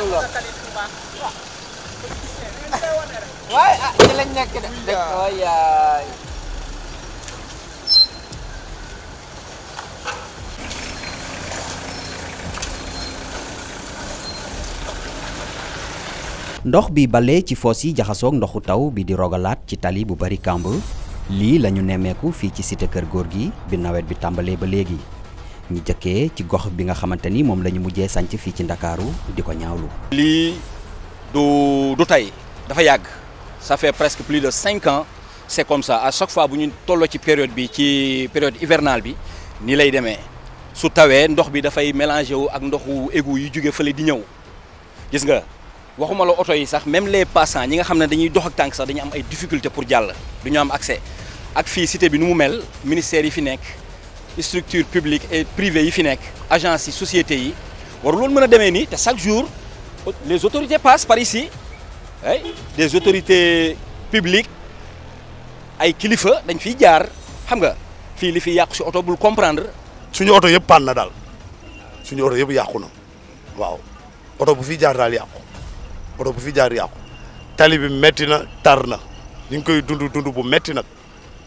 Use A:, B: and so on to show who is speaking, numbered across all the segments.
A: Wah, ah, jalannya iya. Oh iya.
B: ndox bi balé ci fossi jaxaso ndoxu taw bi di rogalat ci tali bu bari kamb li lañu néméku fi ci cité kër gorgui bi nawet bi tambalé ba légui ñu jëkkee ci gox bi nga xamante ni moom la ñu mujjee sànc fii ci ndakaaru di ko ñaawlu.
C: lii du du tey dafa yàgg ça fait presque plus de cinq ans c'est comme ça à chaque fois bu ñu tolloo ci période bi ci période hivernale bi ni lay demee su tawee ndox bi dafay mélangé wu ak ndoxu égou yu jóge fële di ñëw gis nga waxuma la oto yi sax même les passant ñi nga xam ne dañuy dox ak tànk sax dañu am ay difficultés pour jàll du ñu am accès ak fii cité bi nu mu mel ministère yi fi nekk. structure publique et privée yi fi nek agence yi société yi war loolu mën a ni te chaque jour les autorités passent par ici ay eh, des autorités publiques ay kilifa dañ fi jaar xam nga fi li fi yàqu ci auto bul comprendre suñu auto yëpp paan na daal suñu auto yëpp yàqu na waaw auto bu fi jaar dal yàqu auto bu fi jaar yàqu tali bi metti na tar na ñu koy dund dund bu metti nak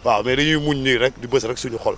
C: waaw mais dañuy muñ ni rek di bës rek suñu xol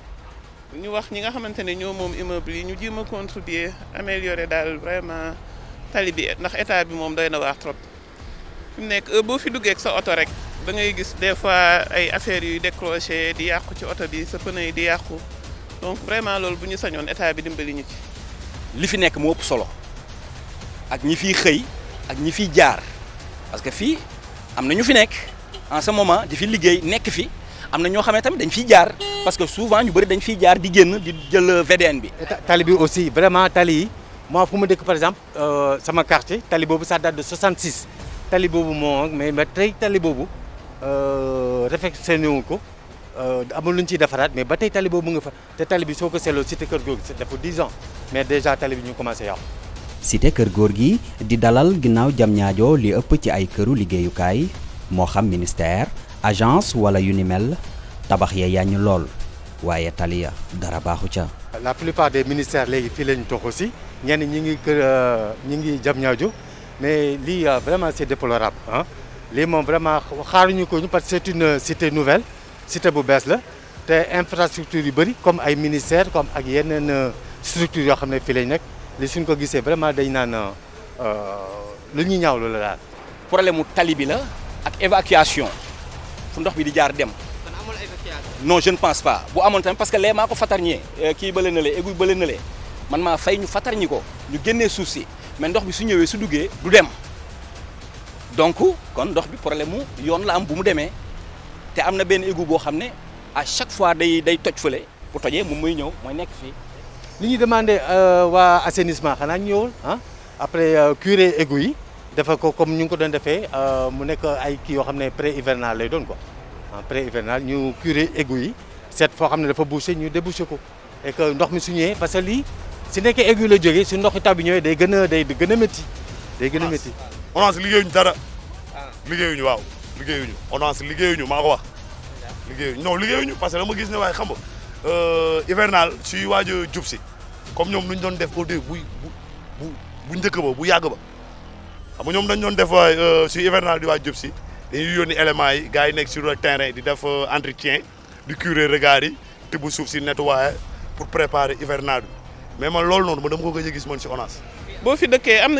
D: ñu wax ñi nga xamante ne ñoo moom immeuble yi ñu jéem a contribuer améliorer daal vraiment tali bi ndax état bi moom doy na waax trop fi nekk boo fi duggee sa oto rek da gis des fois ay affaires yuy décroché di yàqu ci oto bi sa pneu di yàqu donc vraiment loolu bu ñu sañoon état bi dimbali ñu ci.
C: li fi nekk moo solo ak ñi fiy xëy ak ñi fiy jaar parce que fii am na ñu fi nekk en ce moment di fi liggéey nekk fi. amna na ñoo xamee tamit dañ fiy jaar parce que souvent ñu bari dañ fiy jaar
E: di génn di jël VDN bi. tali bi aussi vraiment tali yi moi fu dekk par exemple euh, sama quartier tali bobu ça date de 66 tali bobu mo mais mais tay tali boobu euh, réfectionné wu ko euh, amul luñ ci défarat mais ba tey tali bobu nga fa té tali bi soo ko seetloo cité kër googu dafa 10 ans mais déjà tali bi ñu commencé yàqu.
B: cité kër góor gi di dalal ginnaw jam ñaajoo li ëpp ci ay këru kay mo xam ministère agence wala yu ni mel tabax ya yàññ lool waaye tali dara baxu ca.
E: la plupart des ministères léegi fii la ñu aussi ñenn ñi ngi kër euh, ñi ngi jam ñaaju mais lii euh, vraiment c'est déplorable hein lii moom vraiment xaaruñu ko ñu parce que c' une euh, cité nouvelle cité bu bees la té infrastructure yu bari comme ay ministères comme ak yenen structure yo xamné ne fii lañ nekk li suñ ko gissé vraiment dañ naan lu ñi ñaawlu la daal. problème talibi la ak évacuation
C: dem. non je ne pense pas bu des tam parce que les mako ko fatarñee eh, kii bële na man m'a fay ñu ñu ont souci. mais ndox bi su ñëwé su duggé du dem donc kon ndox bi problème la am bu mu démé té à chaque fois day day toj bu tojé mu muy ñëw moy nekk
E: fi demandé euh, assainissement ñëwul hein? après euh, curé des defal ko comme ñu ko doon defé euh mu nekk ay ki yo xamné pré hivernal lay doon quoi en ah, pré hivernal ñu curer égout yi seet xamné dafa boucher ñu déboucher ko et que ndox mi su ñëwee parce que li si nekkee égout la jógee su ndoxi taw bi ñëwee day gëna day gëna metti métti day gën a ah. métti ligéyu ñu dara ligéyu ah. liggéeyuñu waaw liggéeyuñu
C: ONAS ligéyu ñu mako wax ligéyu non ligéyu ñu parce que dama gis né way xam nga euh, hivernal ci waaj a jub comme ñom nuñ doon def au début bu bu bu njëkk ba bu yàgg ba nous avons sur dañ doon def euh, éléments sur le terrain di def euh, entretien du curé regard qui
D: pour préparer l'hivernal. mais c'est ce que nous avons ko gis si nous avons fi dëkkee am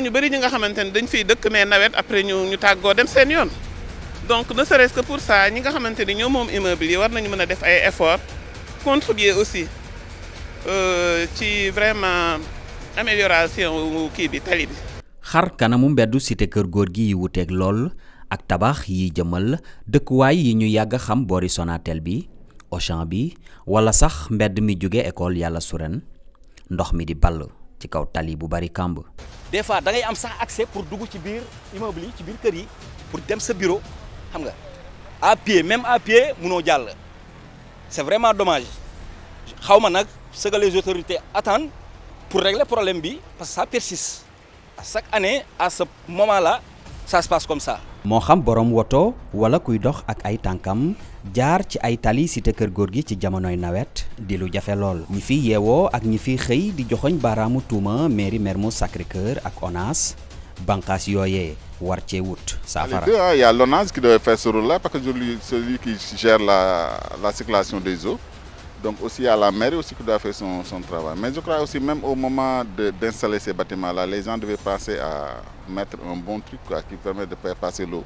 D: na donc ne serait-ce que pour ça nous avons fait des efforts contribuer aussi euh, ci vraiment amélioration qui la
B: xar kanamu mbeddu cité keur góor gi yi wuteeg ak tabakh yi jëmal dekk way yi ñu yag xam boori Sonatel bi Auchan bi wala sax mbedd mi juggé école yalla suren ndox mi di ball ci kaw tali bu bari kàmb.
C: des fois da ngay am sax accès pour dugg ci bir immeuble yi ci bir kër yi pour dem sa bureau xam nga à pied même à pied munoo jall c'est vraiment dommage xawma nak ce que les autorités attendent pour régler problème bi parce que ça persiste. chaque année à ce moment-là
B: moo xam borom woto wala kuy dox ak ay tànkam jaar ci ay tali cité kër góor gi ci jamonoy nawet di lu jafe lool ñi fiy yeewoo ak ñi fiy xëy di joxoñ baaraamu tuuma mairie Mermoz Sacré-Cœur ak ONAS banqaas yooyee war cee wut saafara.
C: il y a l'ONAS devait faire ce rôle-là parce que je lui celui qui la la circulation des eaux. Donc aussi à la mairie aussi qui doit faire son, travail. Mais je crois aussi même au moment d'installer ces bâtiments-là, les gens devaient penser à mettre un bon truc qui permet de faire passer l'eau.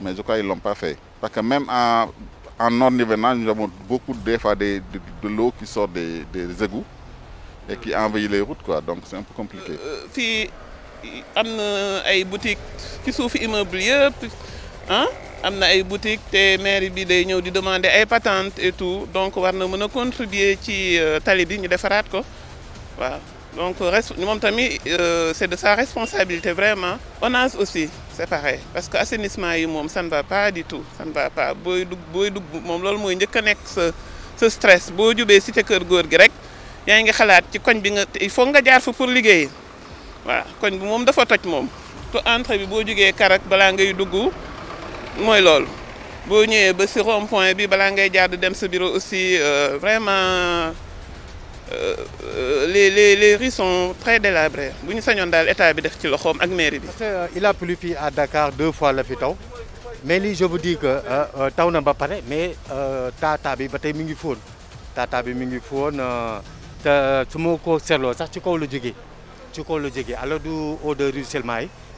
C: Mais je crois qu'ils ne l'ont pas fait. Parce que même en, en ordre nous avons beaucoup de, de, l'eau qui sort des, égouts et qui envahit les routes. Quoi. Donc c'est un peu compliqué.
D: il y a des boutiques qui sont immobilière, hein? amna ay boutique té mairie bi day ñëw di demander ay patente et tout donc warna mëna contribuer ci euh, tali bi ñu défarat ko waaw donc moom tammi euh, c'est de sa responsabilité vraiment on a aussi c'est pareil parce que assainissement yi mom ça ne va pas du tout ça ne va pas boy dugg boy dugg mom loolu moy ñëk nek ce ce sa stress boo jubee cité kër goor gi rek yaa nga xalaat ci koñ bi nga il faut nga jaar fa pour liggéey waaw koñ bi mom dafa toj mom te entrée bi boo jugee karak nga ngay dugg moy lol. ñëwé ba bureau aussi euh, vraiment euh, euh, les les les rues sont très délabrées état bi def ci ak mairie
E: il a plu à Dakar deux fois la fi mais je vous dis que taw na ba paré mais tata bi mi ngi bi mi ngi sax ci ci alors du odeur de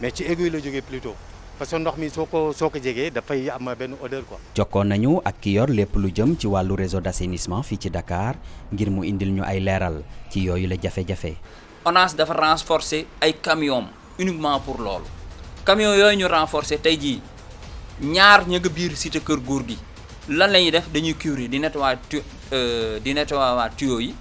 E: mais ci aiguille la de plutôt. parce que ndox mi soo ko soo ko jegee dafay am benn odeur quoi.
B: jokkoon nañu ak ki yor lépp lu jëm ci wàllu réseau d'assainissement fii ci dakaar ngir mu indil ñu ay leeral ci yooyu la jafe-jafe.
F: ONAS dafa renforcer ay camions uniquement pour lool camions yooyu ñu renforcer tey jii ñaar ña biir cité kër góor gi lan la ñuy def dañuy curer di nettoyer tu euh, di nettoyer tuyaux yi.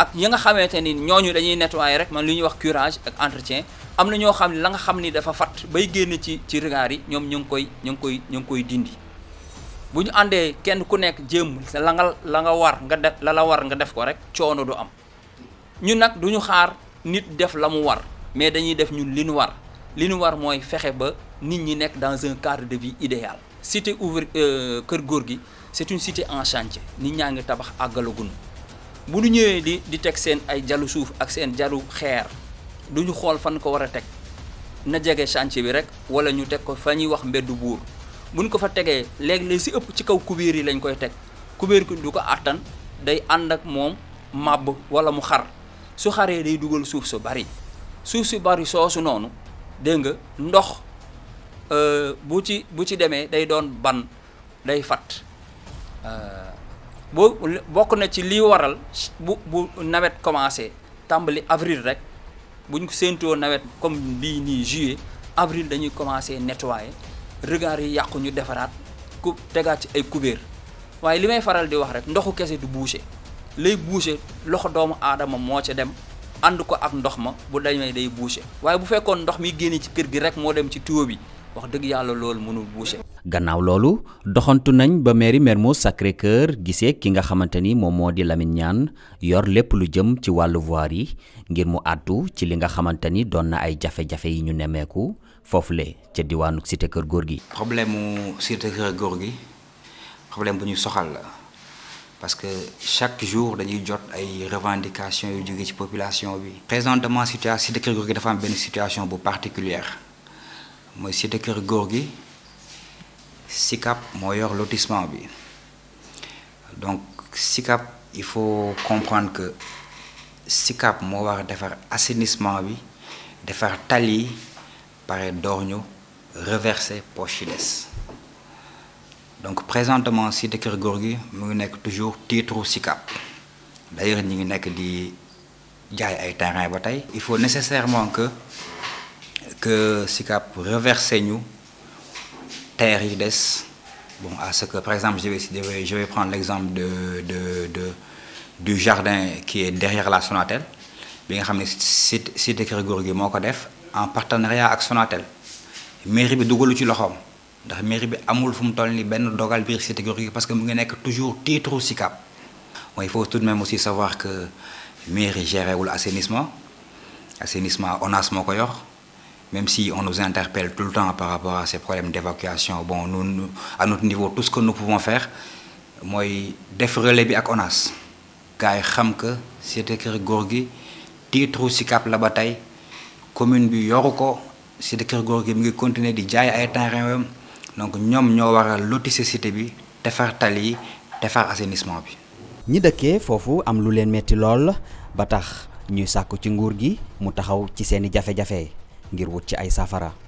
F: ak ñi nga xamante ni ñooñu dañuy nettoyer rek man li ñuy wax curage ak entretien am na ñoo xam ne la nga xam ni dafa fat bay génn ci ci regard yi ñoom ñu ngi koy ñu ngi koy ñu ngi koy dindi bu ñu àndee kenn ku nekk jéem la nga la nga war nga def la la war nga def ko rek coono du am ñun nag du ñu xaar nit def la mu war mais dañuy def ñun li ñu war li ñu war mooy fexe ba nit ñi nekk dans un cadre de vie idéal cité ouvrier euh, kër góor gi c'est une cité en chantier nit ñaa ngi tabax àggalaguñu bu du ñëwee di di teg seen ay jalu suuf ak seen jalu xeer du ñu xool fan ko war a teg na jege chantier bi rek wala ñu teg ko fa ñuy wax mbeddu buur buñ ko fa tegee léegi léeg si ëpp ci kaw kubéer yi lañ koy teg kubéer ki du ko àttan day ànd ak moom màbb wala mu xar su xaree day dugal suuf su bari suuf su bari soosu noonu dégg nga ndox euh, bu ci bu ci demee day doon ban day fat euh, boo bokk na ci lii waral bu bu nawet commencé tàmbali avril rek buñ ko séentoo nawet comme bii nii juillet avril dañuy commencé nettoyer regard yi yàqu ñu defaraat ku tegaat ci ay kubéer waaye li may faral di wax rek ndoxu kese du boucher lay boucher loxo doomu aadama moo ci dem ànd ko ak ndox ma bu dañ dañee day boucher waaye bu fekkoon ndox mi génne ci kër gi rek moo dem ci tuyau bi wax deug yalla loolu mënul boucher.
B: gannaaw loolu doxantu nañ ba mairie Mermoz Sacré-Cœur gisee ki nga xamante ni moom di Lamine ñaan yor lepp lu jëm ci wàllu voir yi ngir mu addu ci li nga xamante ni doon na ay jafé jafé yi ñu nemmeeku foofule ci diwaanu cité cœur gorgui
A: problème cité cœur gorgui problème bu ñu soxal la parce que chaque jour dañuy jot ay revendications yu jóge ci population bi. présentement situation cité cœur gorgui dafa am benn situation bu particulière mooy cité kër góor cap SICAP lotissement bi donc sikap il faut comprendre que sikap mo war defar assainissement bi défaire tali par door reverser poche donc présentement cité de góor gi toujours titre sikap d'ailleurs ñu ngi nekk di jaay ay terrain ba tay il faut nécessairement que que SICAP reversait nous terre des Bon, à ce que, par exemple, je vais, je vais prendre l'exemple de, de, de, du jardin qui est derrière la Sonatel. Bien site site Kër Gorgui def en partenariat avec Sonatel mairie bi dugalu ci loxoom ndax mairie bi amul fum tolni ben dogal biir site Kër parce que mu ngi nek toujours titre SICAP. bon il faut tout de même aussi savoir que mairie géré assainissement assainissement ONAS moko même si on nous interpelle tout le temps par rapport à ces problèmes d'évacuation, bon, nous, nous, à notre niveau, tout ce que nous pouvons faire, moi, def relais bi ak ONAS gars yi xam que c'est Kër Góor gi titre la bataille, commune bi Yoroko, c'est écrit Kër mais ngi continuer di jaay ay terrain donc nous, ñoo war a cité bi defar tali yi defar assainissement bi.
B: ñi dëkkee fofu, am lu leen metti lool ba tax ñuy sàkku ci nguur gi mu taxaw ci ngir wut ci ay safara